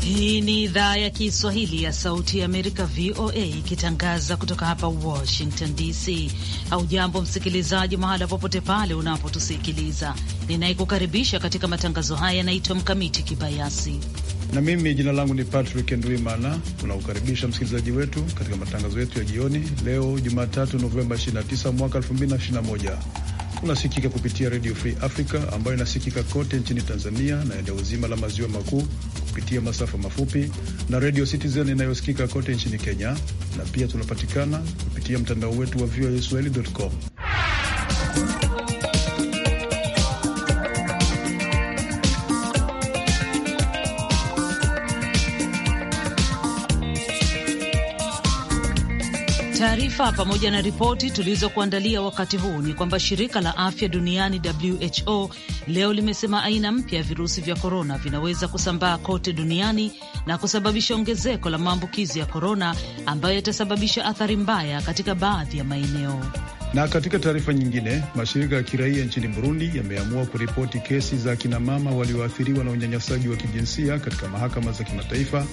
Hii ni idhaa ya Kiswahili ya Sauti ya Amerika, VOA, ikitangaza kutoka hapa Washington DC. Haujambo msikilizaji, mahala popote pale unapotusikiliza. Ninayekukaribisha katika matangazo haya yanaitwa Mkamiti Kibayasi na mimi jina langu ni Patrick Ndwimana. Tunaukaribisha msikilizaji wetu katika matangazo yetu ya jioni leo Jumatatu, Novemba 29 mwaka 2021. Tunasikika kupitia Radio Free Africa ambayo inasikika kote nchini Tanzania na eneo zima la maziwa makuu kupitia masafa mafupi na Radio Citizen inayosikika kote nchini Kenya, na pia tunapatikana kupitia mtandao wetu wa voaswahili.com. Taarifa pamoja na ripoti tulizokuandalia wakati huu ni kwamba shirika la afya duniani WHO leo limesema aina mpya ya virusi vya korona vinaweza kusambaa kote duniani na kusababisha ongezeko la maambukizi ya korona ambayo yatasababisha athari mbaya katika baadhi ya maeneo. Na katika taarifa nyingine, mashirika ya kiraia nchini Burundi yameamua kuripoti kesi za kinamama walioathiriwa na unyanyasaji wa kijinsia katika mahakama za kimataifa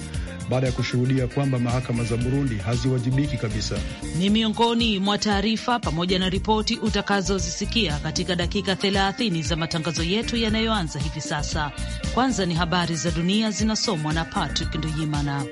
baada ya kushuhudia kwamba mahakama za Burundi haziwajibiki kabisa. Ni miongoni mwa taarifa pamoja na ripoti utakazozisikia katika dakika 30 za matangazo yetu yanayoanza hivi sasa. Kwanza ni habari za dunia zinasomwa na Patrick Nduyimana.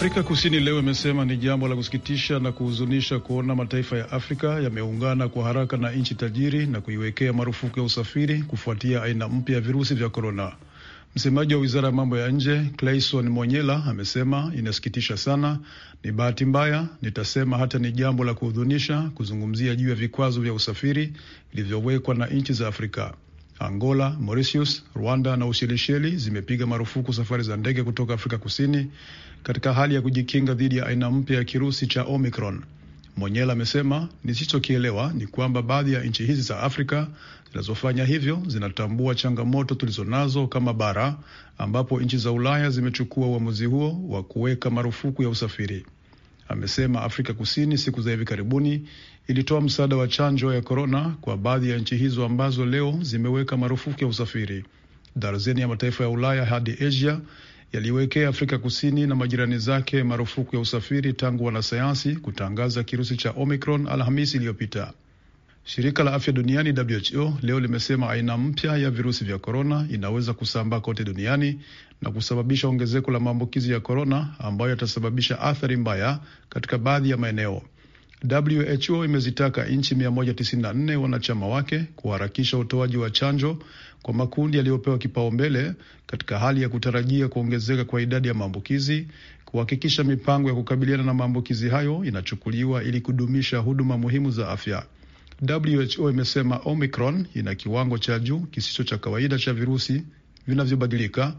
Afrika Kusini leo imesema ni jambo la kusikitisha na kuhuzunisha kuona mataifa ya Afrika yameungana kwa haraka na nchi tajiri na kuiwekea marufuku ya usafiri kufuatia aina mpya ya virusi vya korona. Msemaji wa wizara ya mambo ya nje Clayson Monyela amesema inasikitisha sana, ni bahati mbaya, nitasema hata ni jambo la kuhuzunisha kuzungumzia juu ya vikwazo vya usafiri vilivyowekwa na nchi za Afrika. Angola, Mauritius, Rwanda na Ushelisheli zimepiga marufuku safari za ndege kutoka Afrika Kusini katika hali ya kujikinga dhidi ya aina mpya ya kirusi cha Omicron. Monyela amesema nisichokielewa ni kwamba baadhi ya nchi hizi za Afrika zinazofanya hivyo zinatambua changamoto tulizonazo kama bara, ambapo nchi za Ulaya zimechukua uamuzi huo wa kuweka marufuku ya usafiri. Amesema Afrika Kusini siku za hivi karibuni ilitoa msaada wa chanjo ya korona kwa baadhi ya nchi hizo ambazo leo zimeweka marufuku ya usafiri. Darzeni ya mataifa ya Ulaya hadi Asia yaliwekea Afrika Kusini na majirani zake marufuku ya usafiri tangu wanasayansi kutangaza kirusi cha Omicron Alhamisi iliyopita. Shirika la afya duniani WHO leo limesema aina mpya ya virusi vya korona inaweza kusambaa kote duniani na kusababisha ongezeko la maambukizi ya korona ambayo yatasababisha athari mbaya katika baadhi ya maeneo. WHO imezitaka nchi 194 wanachama wake kuharakisha utoaji wa chanjo kwa makundi yaliyopewa kipaumbele katika hali ya kutarajia kuongezeka kwa idadi ya maambukizi, kuhakikisha mipango ya kukabiliana na maambukizi hayo inachukuliwa ili kudumisha huduma muhimu za afya. WHO imesema Omicron ina kiwango cha juu kisicho cha kawaida cha virusi vinavyobadilika.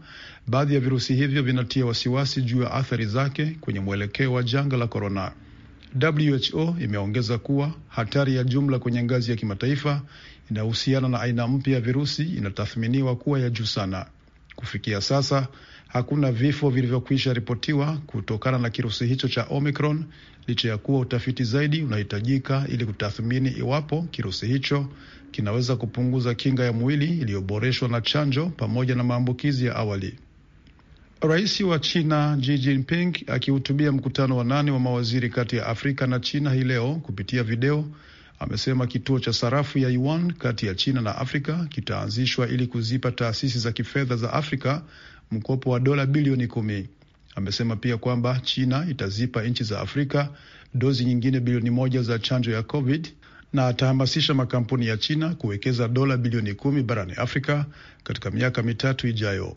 Baadhi ya virusi hivyo vinatia wasiwasi juu ya athari zake kwenye mwelekeo wa janga la korona. WHO imeongeza kuwa hatari ya jumla kwenye ngazi ya kimataifa inahusiana na aina mpya ya virusi inatathminiwa kuwa ya juu sana. Kufikia sasa hakuna vifo vilivyokwisha ripotiwa kutokana na kirusi hicho cha Omicron, licha ya kuwa utafiti zaidi unahitajika ili kutathmini iwapo kirusi hicho kinaweza kupunguza kinga ya mwili iliyoboreshwa na chanjo pamoja na maambukizi ya awali. Rais wa China Xi Jinping akihutubia mkutano wa nane wa mawaziri kati ya Afrika na China hii leo kupitia video amesema kituo cha sarafu ya yuan kati ya China na Afrika kitaanzishwa ili kuzipa taasisi za kifedha za Afrika mkopo wa dola bilioni kumi. Amesema pia kwamba China itazipa nchi za Afrika dozi nyingine bilioni moja za chanjo ya COVID na atahamasisha makampuni ya China kuwekeza dola bilioni kumi barani Afrika katika miaka mitatu ijayo.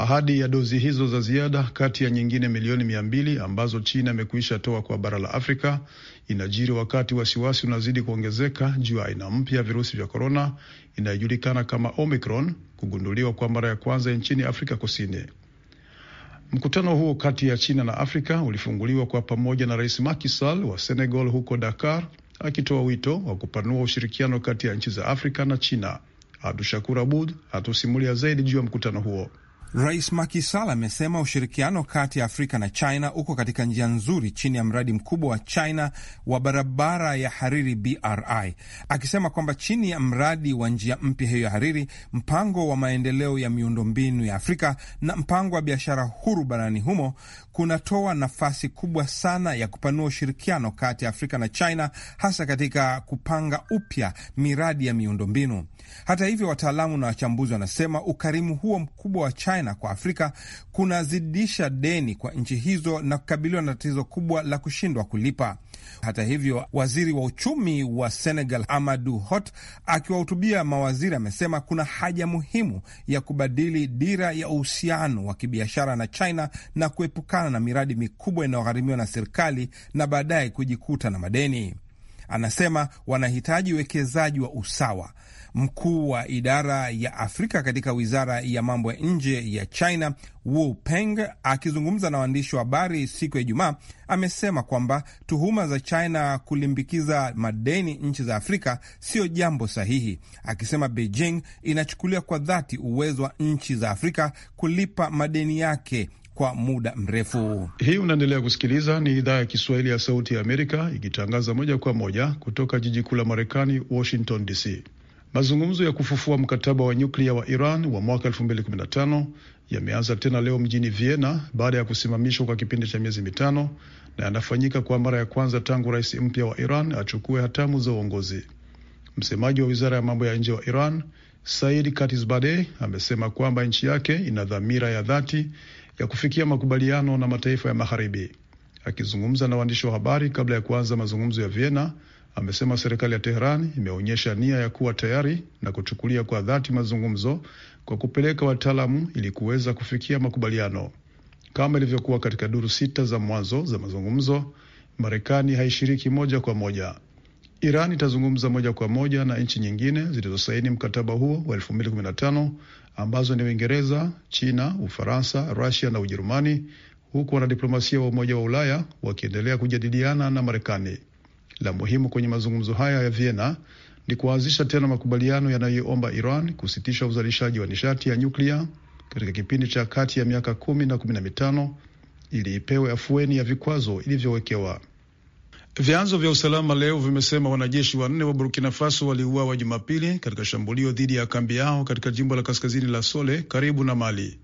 Ahadi ya dozi hizo za ziada kati ya nyingine milioni mia mbili ambazo China imekwisha toa kwa bara la Afrika inajiri wakati wasiwasi unazidi kuongezeka juu ya aina mpya ya virusi vya korona inayojulikana kama Omicron kugunduliwa kwa mara ya kwanza nchini Afrika Kusini. Mkutano huo kati ya China na Afrika ulifunguliwa kwa pamoja na Rais Macky Sall wa Senegal huko Dakar, akitoa wito wa kupanua ushirikiano kati ya nchi za Afrika na China. Abdu Shakur Abud hatusimulia zaidi juu ya mkutano huo. Rais Macky Sall amesema ushirikiano kati ya Afrika na China uko katika njia nzuri chini ya mradi mkubwa wa China wa barabara ya hariri BRI, akisema kwamba chini ya mradi wa njia mpya hiyo ya hariri, mpango wa maendeleo ya miundombinu ya Afrika na mpango wa biashara huru barani humo kunatoa nafasi kubwa sana ya kupanua ushirikiano kati ya Afrika na China, hasa katika kupanga upya miradi ya miundombinu. Hata hivyo, wataalamu na wachambuzi wanasema ukarimu huo mkubwa wa China kwa Afrika kunazidisha deni kwa nchi hizo na kukabiliwa na tatizo kubwa la kushindwa kulipa. Hata hivyo, waziri wa uchumi wa Senegal Amadu Hot akiwahutubia mawaziri amesema kuna haja muhimu ya kubadili dira ya uhusiano wa kibiashara na China na kuepukana na miradi mikubwa inayogharimiwa na serikali na baadaye kujikuta na madeni. Anasema wanahitaji uwekezaji wa usawa. Mkuu wa idara ya Afrika katika wizara ya mambo ya nje ya China, Wu Peng, akizungumza na waandishi wa habari siku ya Ijumaa, amesema kwamba tuhuma za China kulimbikiza madeni nchi za Afrika sio jambo sahihi, akisema Beijing inachukulia kwa dhati uwezo wa nchi za Afrika kulipa madeni yake kwa muda mrefu. Hii unaendelea kusikiliza, ni idhaa ya Kiswahili ya Sauti ya Amerika ikitangaza moja kwa moja kutoka jiji kuu la Marekani, Washington DC. Mazungumzo ya kufufua mkataba wa nyuklia wa Iran wa mwaka 2015 yameanza tena leo mjini Vienna baada ya kusimamishwa kwa kipindi cha miezi mitano na yanafanyika kwa mara ya kwanza tangu rais mpya wa Iran achukue hatamu za uongozi. Msemaji wa wizara ya mambo ya nje wa Iran Said Katizbadeh amesema kwamba nchi yake ina dhamira ya dhati ya kufikia makubaliano na mataifa ya Magharibi. Akizungumza na waandishi wa habari kabla ya kuanza mazungumzo ya Vienna, amesema serikali ya Teheran imeonyesha nia ya kuwa tayari na kuchukulia kwa dhati mazungumzo kwa kupeleka wataalamu ili kuweza kufikia makubaliano. Kama ilivyokuwa katika duru sita za mwanzo za mazungumzo, Marekani haishiriki moja kwa moja. Iran itazungumza moja kwa moja na nchi nyingine zilizosaini mkataba huo wa 2015 ambazo ni Uingereza, China, Ufaransa, Rusia na Ujerumani, huku wanadiplomasia wa Umoja wa Ulaya wakiendelea kujadiliana na Marekani. La muhimu kwenye mazungumzo haya ya Vienna ni kuanzisha tena makubaliano yanayoomba Iran kusitisha uzalishaji wa nishati ya nyuklia katika kipindi cha kati ya miaka kumi na kumi na mitano ili ipewe afueni ya vikwazo ilivyowekewa. Vyanzo vya usalama leo vimesema wanajeshi wanne wa Burkina Faso waliuawa Jumapili katika shambulio dhidi ya kambi yao katika jimbo la kaskazini la Sole karibu na Mali.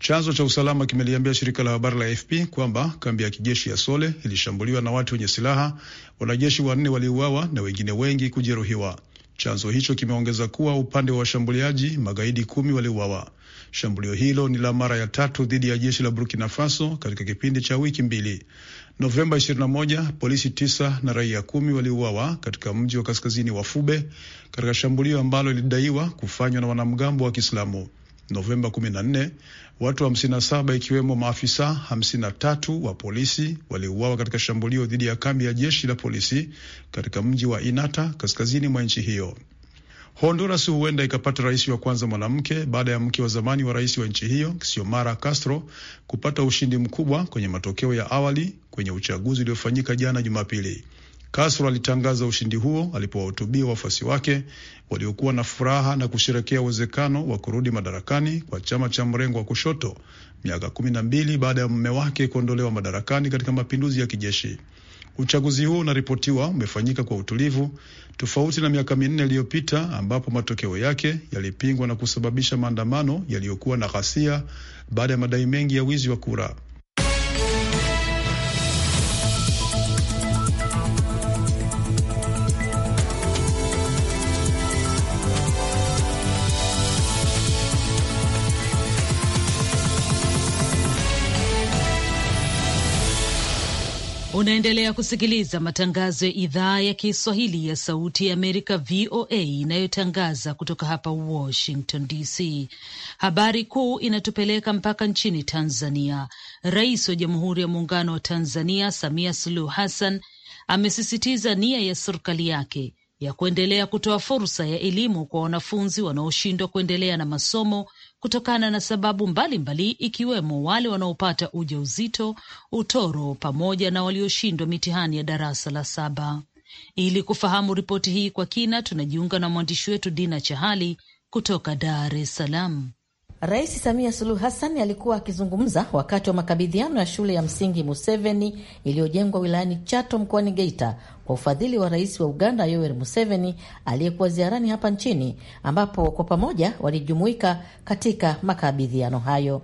Chanzo cha usalama kimeliambia shirika la habari la AFP kwamba kambi ya kijeshi ya Sole ilishambuliwa na watu wenye silaha. Wanajeshi wanne waliuawa na wengine wengi kujeruhiwa. Chanzo hicho kimeongeza kuwa upande wa washambuliaji, magaidi kumi waliuawa. Shambulio hilo ni la mara ya tatu dhidi ya jeshi la Burkina Faso katika kipindi cha wiki mbili. Novemba 21 polisi tisa na raia kumi waliuawa katika mji wa kaskazini wa Fube katika shambulio ambalo lilidaiwa kufanywa na wanamgambo wa Kiislamu. Novemba 14 watu 57 ikiwemo maafisa 53 wa polisi waliuawa katika shambulio dhidi ya kambi ya jeshi la polisi katika mji wa Inata kaskazini mwa nchi hiyo. Honduras huenda ikapata rais wa kwanza mwanamke baada ya mke wa zamani wa rais wa nchi hiyo Xiomara Castro kupata ushindi mkubwa kwenye matokeo ya awali kwenye uchaguzi uliofanyika jana Jumapili. Castro alitangaza ushindi huo alipowahutubia wafuasi wake waliokuwa na furaha na kusherekea uwezekano wa kurudi madarakani kwa chama cha mrengo wa kushoto miaka kumi na mbili baada ya mume wake kuondolewa madarakani katika mapinduzi ya kijeshi. Uchaguzi huo unaripotiwa umefanyika kwa utulivu, tofauti na miaka minne iliyopita ambapo matokeo yake yalipingwa na kusababisha maandamano yaliyokuwa na ghasia baada ya madai mengi ya wizi wa kura. Unaendelea kusikiliza matangazo ya idhaa ya Kiswahili ya Sauti ya Amerika, VOA, inayotangaza kutoka hapa Washington DC. Habari kuu inatupeleka mpaka nchini Tanzania. Rais wa Jamhuri ya Muungano wa Tanzania, Samia Suluhu Hassan, amesisitiza nia ya serikali yake ya kuendelea kutoa fursa ya elimu kwa wanafunzi wanaoshindwa kuendelea na masomo kutokana na sababu mbalimbali mbali, ikiwemo wale wanaopata ujauzito, utoro pamoja na walioshindwa mitihani ya darasa la saba. Ili kufahamu ripoti hii kwa kina, tunajiunga na mwandishi wetu Dina Chahali kutoka Dar es Salaam. Rais Samia Suluhu Hassan alikuwa akizungumza wakati wa makabidhiano ya shule ya msingi Museveni iliyojengwa wilayani Chato mkoani Geita kwa ufadhili wa rais wa Uganda Yoweri Museveni aliyekuwa ziarani hapa nchini, ambapo kwa pamoja walijumuika katika makabidhiano hayo.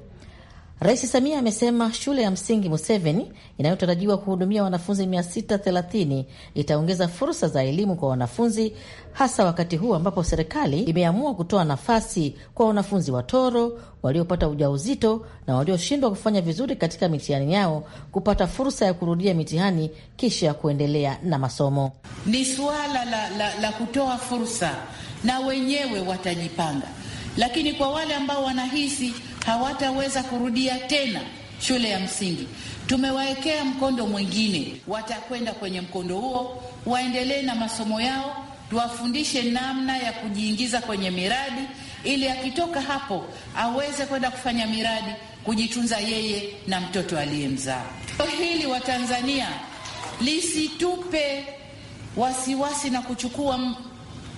Rais Samia amesema shule ya msingi Museveni inayotarajiwa kuhudumia wanafunzi 630 itaongeza fursa za elimu kwa wanafunzi, hasa wakati huu ambapo serikali imeamua kutoa nafasi kwa wanafunzi watoro, waliopata ujauzito na walioshindwa kufanya vizuri katika mitihani yao kupata fursa ya kurudia mitihani kisha ya kuendelea na masomo. Ni suala la, la, la kutoa fursa, na wenyewe watajipanga, lakini kwa wale ambao wanahisi hawataweza kurudia tena shule ya msingi. Tumewawekea mkondo mwingine, watakwenda kwenye mkondo huo, waendelee na masomo yao, tuwafundishe namna ya kujiingiza kwenye miradi, ili akitoka hapo aweze kwenda kufanya miradi, kujitunza yeye na mtoto aliyemzaa. Hili Watanzania lisitupe wasiwasi na kuchukua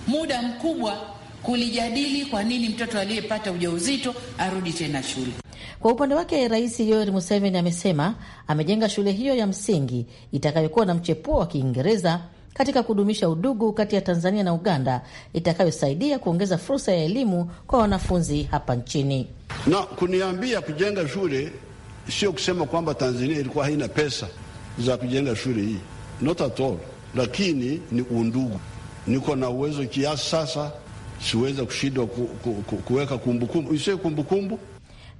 muda mkubwa kulijadili kwa nini mtoto aliyepata ujauzito arudi tena shule. Kwa upande wake Rais Yoweri Museveni amesema amejenga shule hiyo ya msingi itakayokuwa na mchepuo wa Kiingereza katika kudumisha udugu kati ya Tanzania na Uganda, itakayosaidia kuongeza fursa ya elimu kwa wanafunzi hapa nchini. Na kuniambia kujenga shule sio kusema kwamba Tanzania ilikuwa haina pesa za kujenga shule hii, not at all, lakini ni undugu. Niko na uwezo kiasi sasa siweza kushindwa ku, ku, ku, kuweka kumbukumbu isiwe kumbukumbu.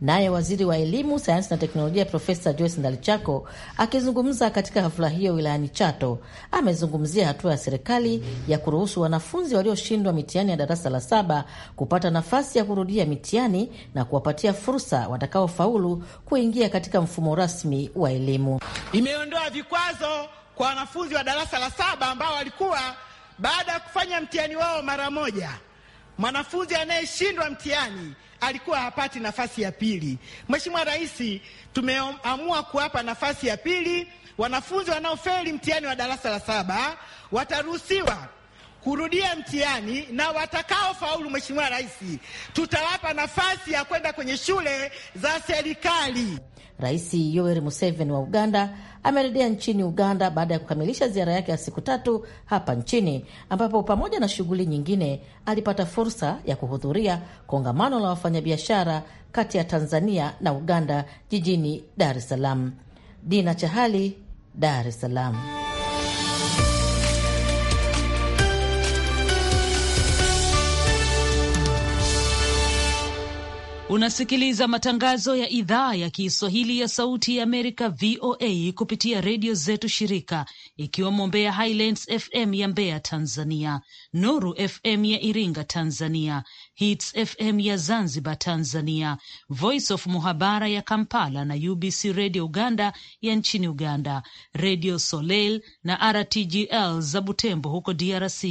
Naye waziri wa elimu, sayansi na teknolojia Profesa Joyce Ndalichako akizungumza katika hafla hiyo wilayani Chato amezungumzia hatua ya serikali ya kuruhusu wanafunzi walioshindwa mitihani ya darasa la saba kupata nafasi ya kurudia mitihani na kuwapatia fursa watakaofaulu kuingia katika mfumo rasmi wa elimu. Imeondoa vikwazo kwa wanafunzi wa darasa la saba ambao walikuwa baada ya kufanya mtihani wao mara moja Mwanafunzi anayeshindwa mtihani alikuwa hapati nafasi ya pili. Mheshimiwa Rais, tumeamua kuwapa nafasi ya pili. Wanafunzi wanaofeli mtihani wa darasa la saba wataruhusiwa kurudia mtihani na watakaofaulu, Mheshimiwa Rais, tutawapa nafasi ya kwenda kwenye shule za serikali. Rais Yoweri Museveni wa Uganda amerejea nchini Uganda baada ya kukamilisha ziara yake ya siku tatu hapa nchini, ambapo pamoja na shughuli nyingine alipata fursa ya kuhudhuria kongamano la wafanyabiashara kati ya Tanzania na Uganda jijini Dar es Salaam. Dina Chahali, Dar es Salaam. Unasikiliza matangazo ya idhaa ya Kiswahili ya Sauti ya Amerika, VOA, kupitia redio zetu shirika, ikiwemo Mbeya Highlands FM ya Mbeya, Tanzania, Nuru FM ya Iringa, Tanzania, Hits FM ya Zanzibar Tanzania, Voice of Muhabara ya Kampala na UBC Radio Uganda ya nchini Uganda, Radio Soleil na RTGL za Butembo huko DRC,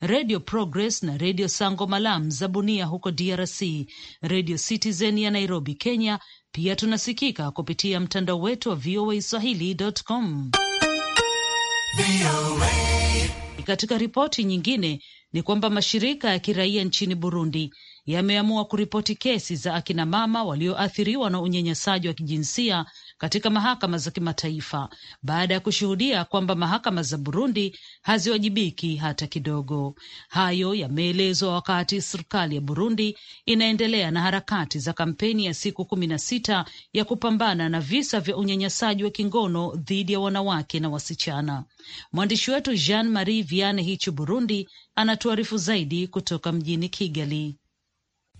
Radio Progress na Radio Sango Malam za Bunia huko DRC, Radio Citizen ya Nairobi, Kenya. Pia tunasikika kupitia mtandao wetu wa VOA Swahili.com. Katika ripoti nyingine ni kwamba mashirika ya kiraia nchini Burundi yameamua kuripoti kesi za akina mama walioathiriwa na unyanyasaji wa kijinsia katika mahakama za kimataifa baada ya kushuhudia kwamba mahakama za Burundi haziwajibiki hata kidogo. Hayo yameelezwa wakati serikali ya Burundi inaendelea na harakati za kampeni ya siku kumi na sita ya kupambana na visa vya unyanyasaji wa kingono dhidi ya wanawake na wasichana. Mwandishi wetu Jean Marie Viane Hichu Burundi anatuarifu zaidi kutoka mjini Kigali.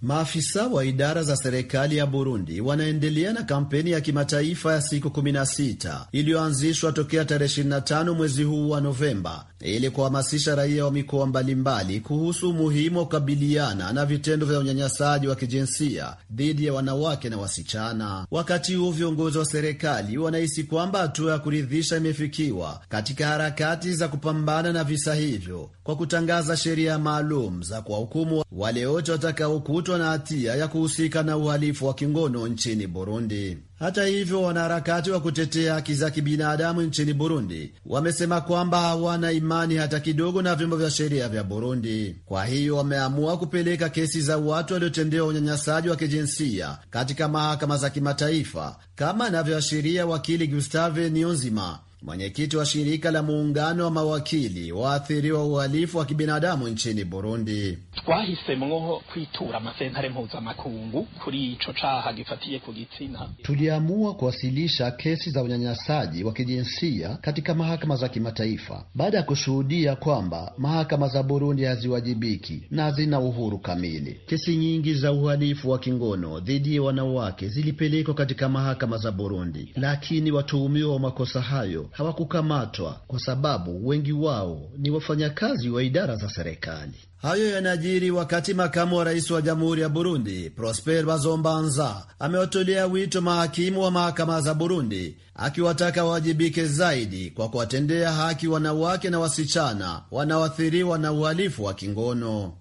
Maafisa wa idara za serikali ya Burundi wanaendelea na kampeni ya kimataifa ya siku 16 iliyoanzishwa tokea tarehe 25 mwezi huu wa Novemba ili kuhamasisha raia wa mikoa mbalimbali kuhusu umuhimu wa kukabiliana na vitendo vya unyanyasaji wa kijinsia dhidi ya wanawake na wasichana. Wakati huo, viongozi wa serikali wanahisi kwamba hatua ya kuridhisha imefikiwa katika harakati za kupambana na visa hivyo kwa kutangaza sheria maalum za kuwahukumu wale wote watakaokutwa na hatia ya kuhusika na uhalifu wa kingono nchini Burundi. Hata hivyo, wanaharakati wa kutetea haki za kibinadamu nchini Burundi wamesema kwamba hawana imani hata kidogo na vyombo vya sheria vya Burundi. Kwa hiyo wameamua kupeleka kesi za watu waliotendewa unyanyasaji wa kijinsia katika mahakama za kimataifa kama anavyoashiria wakili Gustave Niyonzima Mwenyekiti wa shirika la muungano wa mawakili waathiriwa uhalifu wa kibinadamu nchini Burundi. twahisemo kwitura masentare mpuzamakungu kuri ico caha gifatiye ku gitsina. Tuliamua kuwasilisha kesi za unyanyasaji wa kijinsia katika mahakama za kimataifa baada ya kushuhudia kwamba mahakama za Burundi haziwajibiki na hazina uhuru kamili. Kesi nyingi za uhalifu wa kingono dhidi ya wanawake zilipelekwa katika mahakama za Burundi, lakini watuhumiwa wa makosa hayo hawakukamatwa kwa sababu wengi wao ni wafanyakazi wa idara za serikali. Hayo yanajiri wakati makamu wa rais wa jamhuri ya Burundi Prosper Bazombanza amewatolea wito mahakimu wa mahakama za Burundi, akiwataka wawajibike zaidi kwa kuwatendea haki wanawake na wasichana wanaoathiriwa na uhalifu wa kingono.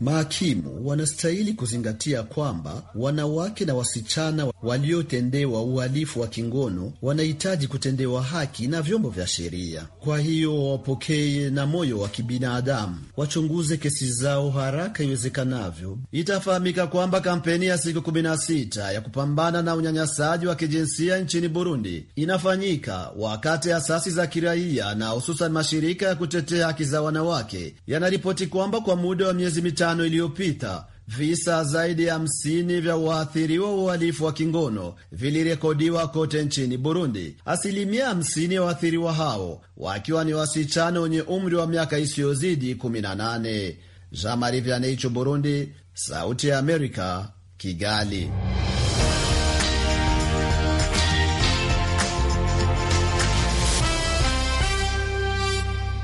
Mahakimu wanastahili kuzingatia kwamba wanawake na wasichana waliotendewa uhalifu wa kingono wanahitaji kutendewa haki na vyombo vya sheria. Kwa hiyo wapokee na moyo wa kibinadamu, wachunguze kesi zao haraka iwezekanavyo. Itafahamika kwamba kampeni ya siku 16 ya kupambana na unyanyasaji wa kijinsia nchini Burundi inafanyika wakati asasi za kiraia sheria na hususan mashirika ya kutetea haki za wanawake yanaripoti kwamba kwa muda wa miezi mitano iliyopita visa zaidi ya hamsini vya waathiriwa wa uhalifu wa kingono vilirekodiwa kote nchini Burundi. Asilimia hamsini ya waathiriwa hao wakiwa ni wasichana wenye umri wa miaka isiyozidi 18. Jean Marie Vianney, Burundi, Sauti ya Amerika, Kigali.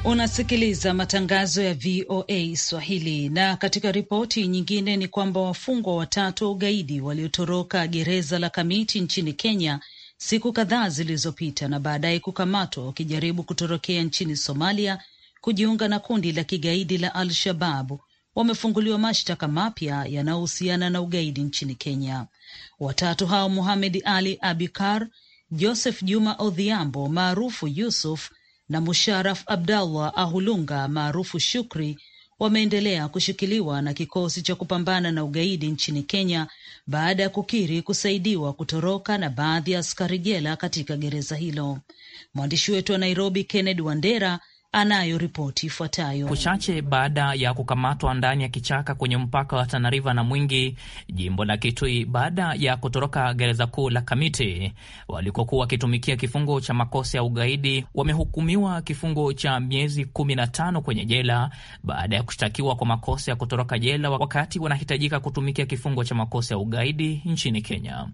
Unasikiliza matangazo ya VOA Swahili. Na katika ripoti nyingine ni kwamba wafungwa watatu wa ugaidi waliotoroka gereza la Kamiti nchini Kenya siku kadhaa zilizopita na baadaye kukamatwa wakijaribu kutorokea nchini Somalia kujiunga na kundi la kigaidi la Al-Shababu wamefunguliwa mashtaka mapya yanayohusiana na ugaidi nchini Kenya. Watatu hao Muhamed Ali Abikar, Joseph Juma Odhiambo maarufu Yusuf na Musharaf Abdallah Ahulunga maarufu Shukri wameendelea kushikiliwa na kikosi cha kupambana na ugaidi nchini Kenya baada ya kukiri kusaidiwa kutoroka na baadhi ya askari jela katika gereza hilo. Mwandishi wetu wa Nairobi Kennedy Wandera anayo ripoti ifuatayo. Siku chache baada ya kukamatwa ndani ya kichaka kwenye mpaka wa Tana River na Mwingi, jimbo la Kitui, baada ya kutoroka gereza kuu la Kamiti walikokuwa wakitumikia kifungo cha makosa ya ugaidi, wamehukumiwa kifungo cha miezi kumi na tano kwenye jela baada ya kushtakiwa kwa makosa ya kutoroka jela wakati wanahitajika kutumikia kifungo cha makosa ya ugaidi nchini Kenya,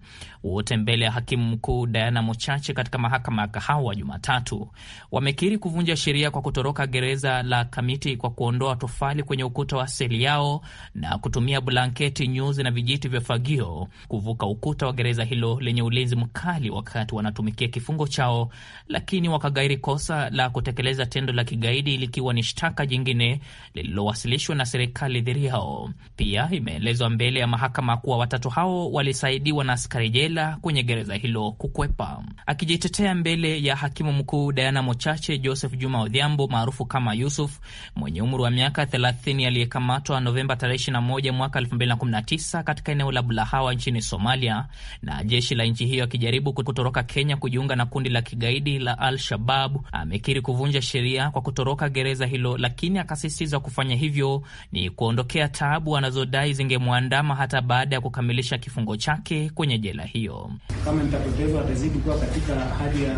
wote mbele ya hakimu mkuu Diana mochache katika mahakama ya Kahawa Jumatatu. Wamekiri kuvunja sheria kwa kutoroka gereza la Kamiti kwa kuondoa tofali kwenye ukuta wa seli yao na kutumia blanketi, nyuzi na vijiti vya fagio kuvuka ukuta wa gereza hilo lenye ulinzi mkali wakati wanatumikia kifungo chao, lakini wakagairi kosa la kutekeleza tendo la kigaidi likiwa ni shtaka jingine lililowasilishwa na serikali dhidi yao. Pia imeelezwa mbele ya mahakama kuwa watatu hao walisaidiwa na askari jela kwenye gereza hilo kukwepa. Akijitetea mbele ya hakimu mkuu Diana Mochache, Joseph Juma Odhiambo Kombo maarufu kama Yusuf mwenye umri wa miaka 30 aliyekamatwa Novemba 21 mwaka 2019 katika eneo la Bulahawa nchini Somalia na jeshi la nchi hiyo akijaribu kutoroka Kenya kujiunga na kundi la kigaidi la Al-Shabab amekiri kuvunja sheria kwa kutoroka gereza hilo, lakini akasisitiza kufanya hivyo ni kuondokea taabu anazodai zingemwandama hata baada ya kukamilisha kifungo chake kwenye jela hiyo. Kama nitapotezwa atazidi kuwa katika hali ya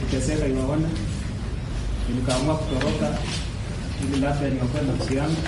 kuteseka, iwaona Nilikamua kutoroka ili labda niokoe nafsi yangu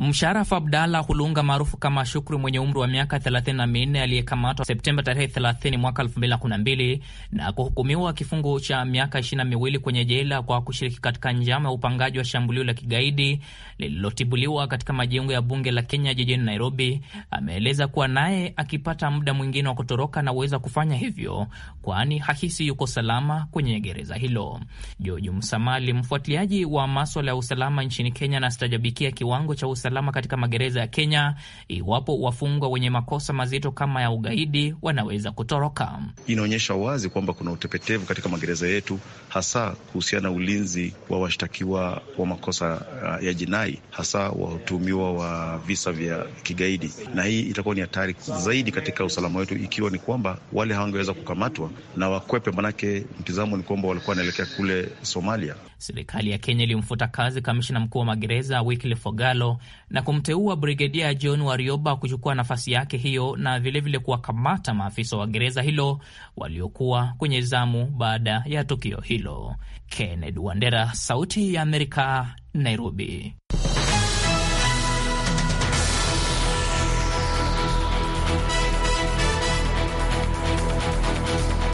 Msharafu Abdalla Hulunga maarufu kama Shukri mwenye umri wa miaka 34 aliyekamatwa Septemba tarehe 30 mwaka 2012 na kuhukumiwa kifungo cha miaka 2 miwili kwenye jela kwa kushiriki katika njama ya upangaji wa shambulio la kigaidi lililotibuliwa katika majengo ya bunge la Kenya jijini Nairobi, ameeleza kuwa naye akipata muda mwingine wa kutoroka anaweza kufanya hivyo, kwani hahisi yuko salama kwenye gereza hilo. Joji Msamali, mfuatiliaji wa maswala ya usalama nchini Kenya, anastajabikia kiwango cha usalama usalama katika magereza ya Kenya iwapo wafungwa wenye makosa mazito kama ya ugaidi wanaweza kutoroka. Inaonyesha wazi kwamba kuna utepetevu katika magereza yetu, hasa kuhusiana na ulinzi wa washtakiwa wa makosa uh, ya jinai, hasa wahutumiwa wa visa vya kigaidi, na hii itakuwa ni hatari zaidi katika usalama wetu, ikiwa ni kwamba wale hawangeweza kukamatwa na wakwepe, manake mtizamo ni kwamba walikuwa wanaelekea kule Somalia. Serikali ya Kenya ilimfuta kazi kamishina mkuu wa magereza Wycliffe Ogalo na kumteua Brigedia John Warioba kuchukua nafasi yake hiyo na vilevile kuwakamata maafisa wa gereza hilo waliokuwa kwenye zamu baada ya tukio hilo. Kennedy Wandera, Sauti ya Amerika, Nairobi.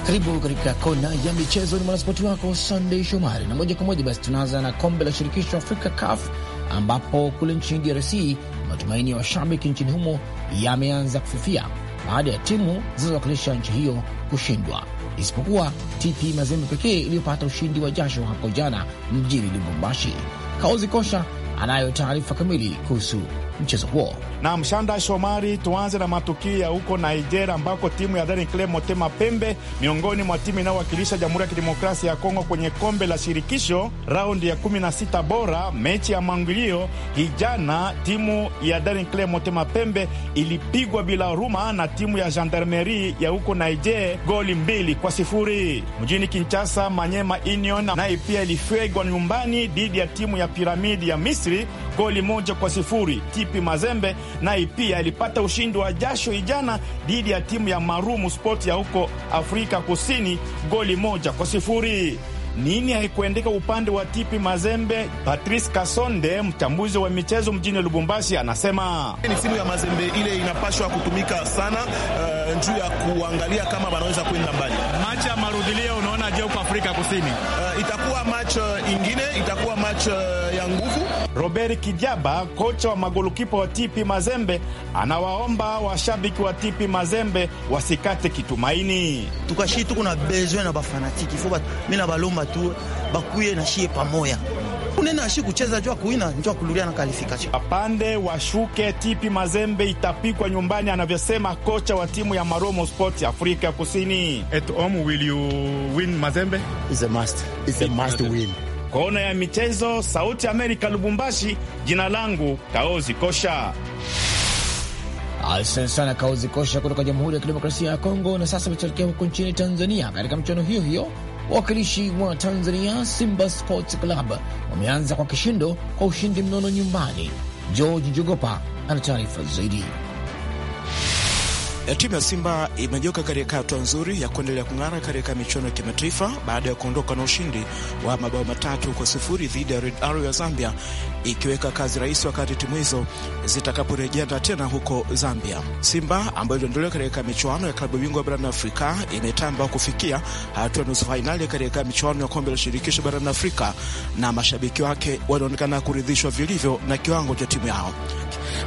Karibu katika kona ya michezo, ni mwanaspoti wako Sandey Shomari, na moja kwa moja basi tunaanza na kombe la shirikisho Afrika CAF, ambapo kule nchini DRC matumaini ya washabiki nchini humo yameanza kufifia baada ya timu zinazowakilisha nchi hiyo kushindwa, isipokuwa TP Mazembe pekee iliyopata ushindi wa jasho hapo jana mjini Lubumbashi. Kaozi Kosha anayo taarifa kamili kuhusu mchezo huo. Na mshanda Shomari, tuanze na matukio ya huko Nigeria ambako timu ya Danikle Motema Pembe miongoni mwa timu inayowakilisha Jamhuri ya Kidemokrasia ya Kongo kwenye kombe la shirikisho raundi ya 16 bora, mechi ya mangilio hijana, timu ya cle Motema Pembe ilipigwa bila huruma na timu ya Gendarmerie ya huko Nigeria goli mbili kwa sifuri mjini Kinshasa. Manyema Union naye pia ilifegwa nyumbani dhidi ya timu ya Piramidi ya Misri goli moja kwa sifuri. Tipi Mazembe naye pia ilipata ushindi wa jasho ijana dhidi ya timu ya Marumu Sport ya huko Afrika Kusini goli moja kwa sifuri. Nini haikuendeka upande wa Tipi Mazembe? Patrice Kasonde, mchambuzi wa michezo mjini Lubumbashi, anasema ni timu ya Mazembe ile inapashwa kutumika sana, uh, juu ya kuangalia kama wanaweza kwenda mbali. Macha marudhilio kuona huko Afrika Kusini? Uh, itakuwa match uh, ingine itakuwa match uh, ya nguvu. Robert Kijaba, kocha wa magolukipa wa TP Mazembe, anawaomba washabiki wa TP Mazembe wasikate kitumaini. tukashii tuko na bezwe na bafanatiki fo mimi na balomba tu bakuye na shie pamoya unene ashi kucheza jua kuina njua kuluria na qualification. Apande washuke tipi Mazembe itapikwa nyumbani, anavyosema kocha wa timu ya Maromo Sport ya Afrika Kusini. At home will you win Mazembe? It's a must. It's a must win. Kona ya michezo, Sauti Amerika, Lubumbashi. Jina langu Kaozi Kosha. Asante sana Kaozi Kosha kutoka Jamhuri ya Kidemokrasia ya Kongo. Na sasa ametuelekea huko nchini Tanzania katika mchuano hiyo hiyo Wawakilishi wa Tanzania Simba Sports Club wameanza kwa kishindo kwa ushindi mnono nyumbani. George Njogopa ana taarifa zaidi. Timu ya Simba imejiweka katika hatua nzuri ya kuendelea kung'ara katika michuano ya kimataifa baada ya kuondoka na ushindi wa mabao matatu kwa sifuri dhidi ya Red Arrow ya Zambia, ikiweka kazi rahisi wakati timu hizo zitakaporejeana tena huko Zambia. Simba ambayo iliondolewa katika michuano ya klabu bingwa barani Afrika imetamba kufikia hatua ya nusu fainali katika michuano ya kombe la shirikisho barani Afrika, na mashabiki wake wanaonekana kuridhishwa vilivyo na kiwango cha timu yao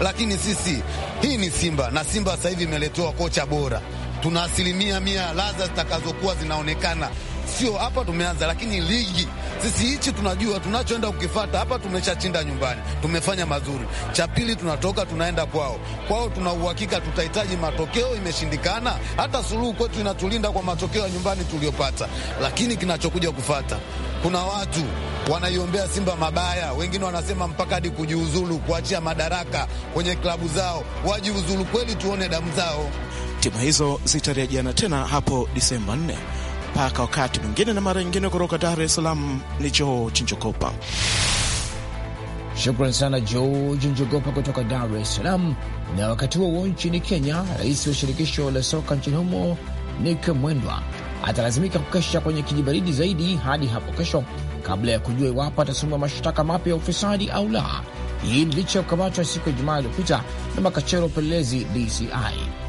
lakini sisi, hii ni Simba na Simba sasa hivi imeletewa kocha bora, tuna asilimia mia ladha zitakazokuwa zinaonekana sio hapa tumeanza, lakini ligi sisi hichi tunajua tunachoenda kukifata. Hapa tumeshachinda nyumbani, tumefanya mazuri. Cha pili tunatoka tunaenda kwao, kwao tuna uhakika tutahitaji matokeo, imeshindikana. Hata suluhu kwetu inatulinda kwa matokeo ya nyumbani tuliyopata, lakini kinachokuja kufata, kuna watu wanaiombea Simba mabaya, wengine wanasema mpaka hadi kujiuzulu, kuachia madaraka kwenye klabu zao, wajiuzulu kweli, tuone damu zao. Timu hizo zitarejeana tena hapo Disemba 4 mpaka wakati mwingine na mara nyingine. Kutoka Dar es Salaam ni George Njogopa. Shukran sana George Njogopa kutoka Dar es Salaam. Na wakati huo nchini Kenya, rais wa shirikisho la soka nchini humo Nick Mwendwa atalazimika kukesha kwenye kijibaridi zaidi hadi hapo kesho kabla ya kujua iwapo atasoma mashtaka mapya ya ufisadi au la. Hii licha ya kukamatwa siku ya Jumaa iliyopita na makachero pelelezi DCI.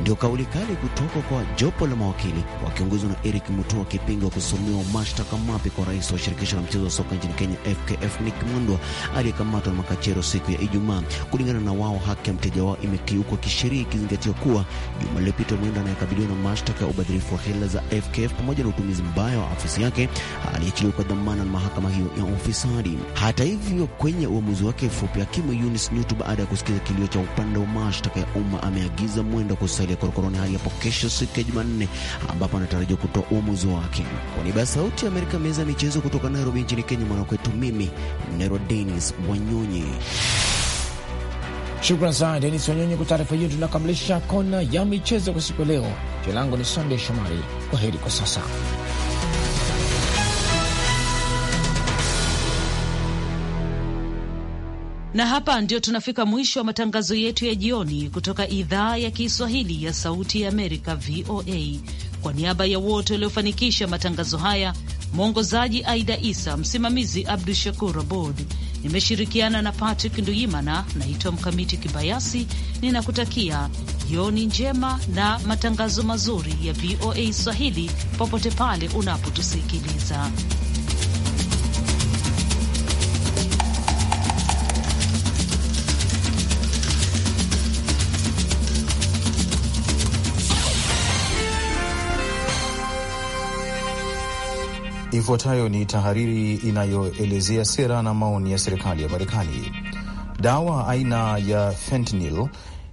Ndio kauli kali kutoka kwa jopo la mawakili wakiongozwa na Eric Mutua wakipinga kusomewa mashtaka mapya kwa rais wa shirikisho la mchezo wa soka nchini Kenya FKF Nick Mundwa aliyekamatwa na makachero siku ya Ijumaa. Kulingana na wao, haki ya mteja wao imekiukwa kisheria, ikizingatiwa kuwa juma lililopita Mwenda anayekabiliwa na mashtaka ya ubadhirifu wa hela za FKF pamoja na utumizi mbaya wa afisi yake aliachiliwa kwa dhamana na mahakama hiyo ya ufisadi. Hata hivyo, kwenye uamuzi wake fupi, hakimu baada ya kusikiza kilio cha upande wa mashtaka ya umma ameagiza mwendo kusalia korokoroni hadi hapo kesho siku ya Jumanne, ambapo anatarajiwa kutoa uamuzi wake. Kwa niaba ya Sauti ya Amerika, meza ya michezo kutoka Nairobi nchini Kenya, mwanakwetu mimi Nero Denis Wanyonyi. Shukran sana Denis Wanyonyi kwa taarifa hiyo. Tunakamilisha kona ya michezo kwa siku ya leo. Jina langu ni Sandey Shomari. Kwa heri kwa sasa. Na hapa ndio tunafika mwisho wa matangazo yetu ya jioni kutoka idhaa ya Kiswahili ya Sauti ya Amerika, VOA. Kwa niaba ya wote waliofanikisha matangazo haya, mwongozaji Aida Isa, msimamizi Abdu Shakur Abod, nimeshirikiana na Patrick Nduyimana. Naitwa Mkamiti Kibayasi, ninakutakia jioni njema na matangazo mazuri ya VOA Swahili popote pale unapotusikiliza. Ifuatayo ni tahariri inayoelezea sera na maoni ya serikali ya Marekani. Dawa aina ya fentanyl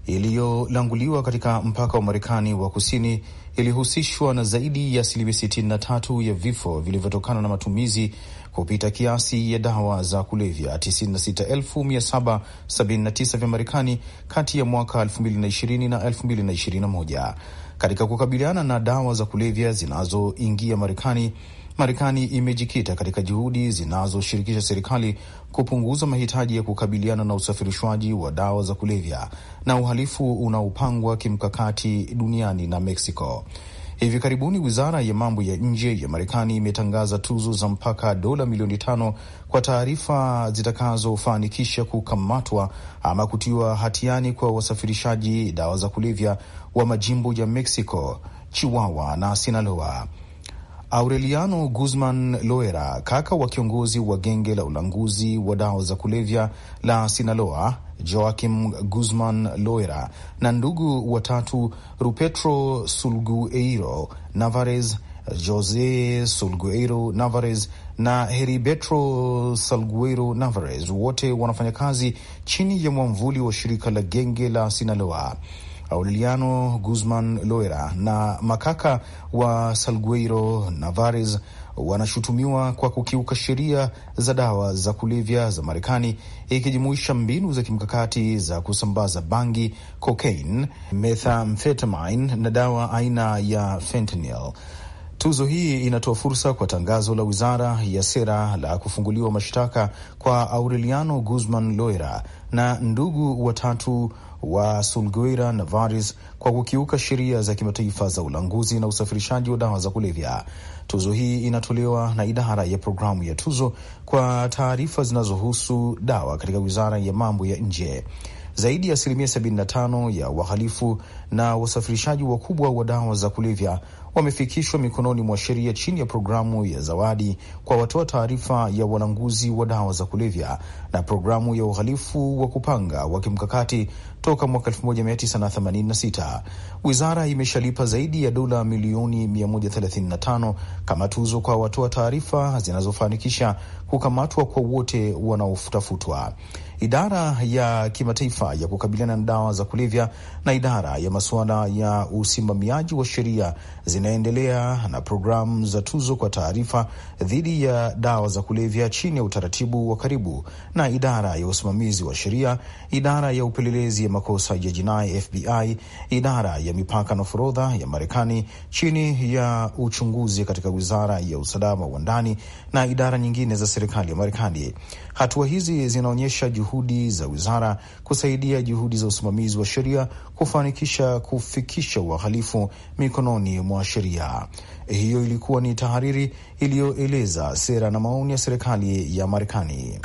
iliyolanguliwa katika mpaka wa Marekani wa kusini ilihusishwa na zaidi ya asilimia 63 ya vifo vilivyotokana na matumizi kupita kiasi ya dawa za kulevya 96779 vya Marekani kati ya mwaka 2020 na 2021. Katika kukabiliana na dawa za kulevya zinazoingia Marekani, Marekani imejikita katika juhudi zinazoshirikisha serikali kupunguza mahitaji ya kukabiliana na usafirishwaji wa dawa za kulevya na uhalifu unaopangwa kimkakati duniani na Meksiko. Hivi karibuni wizara ya mambo ya nje ya Marekani imetangaza tuzo za mpaka dola milioni tano kwa taarifa zitakazofanikisha kukamatwa ama kutiwa hatiani kwa wasafirishaji dawa za kulevya wa majimbo ya Mexico, Chihuahua na Sinaloa. Aureliano Guzman Loera, kaka wa kiongozi wa genge la ulanguzi wa dawa za kulevya la Sinaloa joachim Guzman Loera na ndugu watatu Rupetro Sulgueiro navares Jose Sulgueiro navares na Heribetro Salgueiro navares wote wanafanya kazi chini ya mwamvuli wa shirika la genge la Sinaloa. Aureliano Guzman Loera na makaka wa Salgueiro Navares wanashutumiwa kwa kukiuka sheria za dawa za kulevya za Marekani ikijumuisha mbinu za kimkakati za kusambaza bangi, cocaine, methamphetamine na dawa aina ya fentanyl. Tuzo hii inatoa fursa kwa tangazo la wizara ya sera la kufunguliwa mashtaka kwa Aureliano Guzman Loera na ndugu watatu wa Sulguira Nevares kwa kukiuka sheria za kimataifa za ulanguzi na usafirishaji wa dawa za kulevya. Tuzo hii inatolewa na idara ya programu ya tuzo kwa taarifa zinazohusu dawa katika wizara ya mambo ya nje. Zaidi ya asilimia 75 ya wahalifu na wasafirishaji wakubwa wa dawa za kulevya wamefikishwa mikononi mwa sheria chini ya programu ya zawadi kwa watoa taarifa ya walanguzi wa dawa za kulevya na programu ya uhalifu wa kupanga wa kimkakati toka mwaka 1986. Wizara imeshalipa zaidi ya dola milioni 135 kama tuzo kwa watoa taarifa zinazofanikisha kukamatwa kwa wote wanaotafutwa. Idara ya kimataifa ya kukabiliana na dawa za kulevya na idara ya masuala ya usimamiaji wa sheria zinaendelea na programu za tuzo kwa taarifa dhidi ya dawa za kulevya chini ya utaratibu wa karibu na idara ya usimamizi wa sheria, idara ya upelelezi ya makosa ya jinai FBI, idara ya mipaka na forodha ya Marekani chini ya uchunguzi katika wizara ya usalama wa ndani na idara nyingine za serikali ya Marekani. Hatua hizi zinaonyesha juhudi za wizara kusaidia juhudi za usimamizi wa sheria kufanikisha kufikisha wahalifu mikononi mwa sheria. Hiyo ilikuwa ni tahariri iliyoeleza sera na maoni ya serikali ya Marekani.